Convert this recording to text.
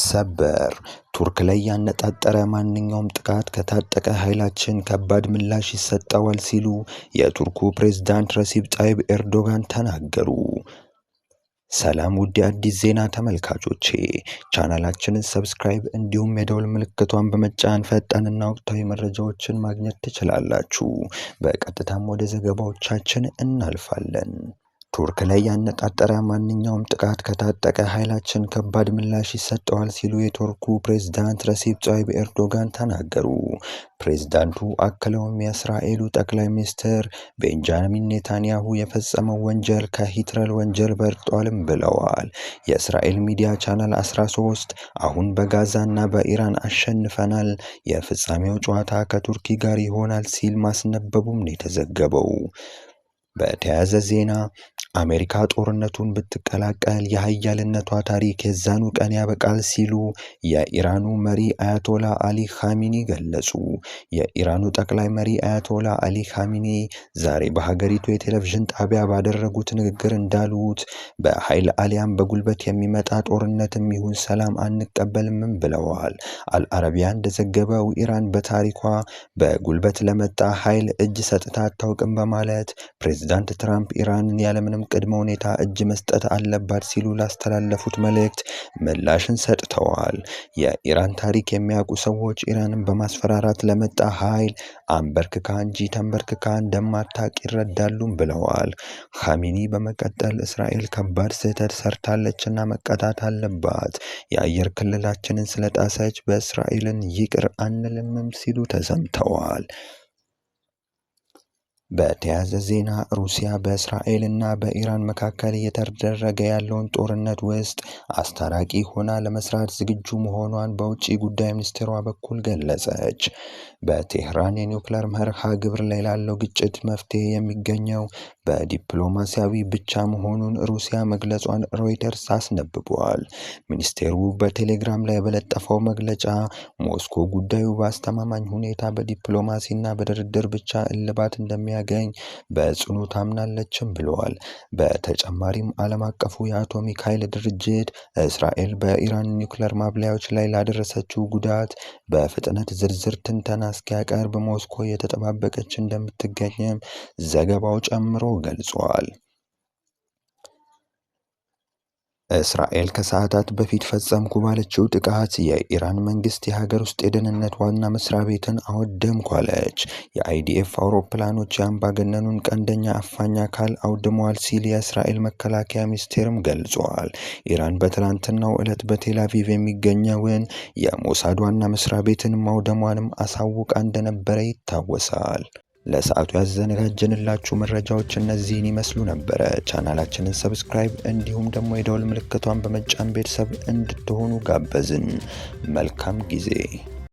ሰበር ቱርክ ላይ ያነጣጠረ ማንኛውም ጥቃት ከታጠቀ ኃይላችን ከባድ ምላሽ ይሰጠዋል ሲሉ የቱርኩ ፕሬዝዳንት ረሲብ ጣይብ ኤርዶጋን ተናገሩ። ሰላም ውድ አዲስ ዜና ተመልካቾቼ፣ ቻናላችንን ሰብስክራይብ እንዲሁም የደውል ምልክቷን በመጫን ፈጣንና ወቅታዊ መረጃዎችን ማግኘት ትችላላችሁ። በቀጥታም ወደ ዘገባዎቻችን እናልፋለን። ቱርክ ላይ ያነጣጠረ ማንኛውም ጥቃት ከታጠቀ ኃይላችን ከባድ ምላሽ ይሰጠዋል ሲሉ የቱርኩ ፕሬዝዳንት ረሲብ ጣይብ ኤርዶጋን ተናገሩ። ፕሬዝዳንቱ አክለውም የእስራኤሉ ጠቅላይ ሚኒስትር ቤንጃሚን ኔታንያሁ የፈጸመው ወንጀል ከሂትለር ወንጀል በርጧልም ብለዋል። የእስራኤል ሚዲያ ቻናል 13 አሁን በጋዛና በኢራን አሸንፈናል፣ የፍጻሜው ጨዋታ ከቱርኪ ጋር ይሆናል ሲል ማስነበቡም ነው የተዘገበው። በተያያዘ ዜና አሜሪካ ጦርነቱን ብትቀላቀል የሀያልነቷ ታሪክ የዛኑ ቀን ያበቃል ሲሉ የኢራኑ መሪ አያቶላ አሊ ኻሚኒ ገለጹ። የኢራኑ ጠቅላይ መሪ አያቶላ አሊ ኻሚኒ ዛሬ በሀገሪቱ የቴሌቪዥን ጣቢያ ባደረጉት ንግግር እንዳሉት በኃይል አሊያም በጉልበት የሚመጣ ጦርነትም ይሁን ሰላም አንቀበልምም ብለዋል። አልአረቢያ እንደዘገበው ኢራን በታሪኳ በጉልበት ለመጣ ኃይል እጅ ሰጥታ አታውቅም በማለት ፕሬዚዳንት ትራምፕ ኢራንን ያለምንም ቅድመ ሁኔታ እጅ መስጠት አለባት ሲሉ ላስተላለፉት መልእክት ምላሽን ሰጥተዋል። የኢራን ታሪክ የሚያውቁ ሰዎች ኢራንን በማስፈራራት ለመጣ ኃይል አንበርክካ እንጂ ተንበርክካ እንደማታውቅ ይረዳሉም ብለዋል። ሀሚኒ በመቀጠል እስራኤል ከባድ ስህተት ሰርታለችና መቀጣት አለባት፣ የአየር ክልላችንን ስለጣሰች በእስራኤልን ይቅር አንልምም ሲሉ ተሰምተዋል። በተያዘ ዜና ሩሲያ እና በኢራን መካከል እየተደረገ ያለውን ጦርነት ውስጥ አስታራቂ ሆና ለመስራት ዝግጁ መሆኗን በውጭ ጉዳይ ሚኒስቴሯ በኩል ገለጸች። በቴህራን የኒውክለር መርሃ ግብር ላይ ላለው ግጭት መፍትሄ የሚገኘው በዲፕሎማሲያዊ ብቻ መሆኑን ሩሲያ መግለጿን ሮይተርስ አስነብቧል። ሚኒስቴሩ በቴሌግራም ላይ በለጠፈው መግለጫ ሞስኮ ጉዳዩ በአስተማማኝ ሁኔታ በዲፕሎማሲና በድርድር ብቻ እልባት እንደሚያገኝ በጽኑ ታምናለችም ብለዋል። በተጨማሪም ዓለም አቀፉ የአቶሚክ ኃይል ድርጅት እስራኤል በኢራን ኒውክለር ማብለያዎች ላይ ላደረሰችው ጉዳት በፍጥነት ዝርዝር ትንተና እስኪያቀርብ ሞስኮ እየተጠባበቀች እንደምትገኝም ዘገባው ጨምሮ ገልጿል። እስራኤል ከሰዓታት በፊት ፈጸምኩ ባለችው ጥቃት የኢራን መንግስት የሀገር ውስጥ የደህንነት ዋና መስሪያ ቤትን አወደምኳለች። የአይዲኤፍ አውሮፕላኖች የአምባገነኑን ቀንደኛ አፋኝ አካል አውድመዋል ሲል የእስራኤል መከላከያ ሚኒስቴርም ገልጿል። ኢራን በትላንትናው ዕለት በቴላቪቭ የሚገኘውን የሞሳድ ዋና መስሪያ ቤትን ማውደሟንም አሳውቃ እንደነበረ ይታወሳል። ለሰዓቱ ያዘነጋጀንላችሁ መረጃዎች እነዚህን ይመስሉ ነበረ። ቻናላችንን ሰብስክራይብ እንዲሁም ደግሞ የደውል ምልክቷን በመጫን ቤተሰብ እንድትሆኑ ጋበዝን። መልካም ጊዜ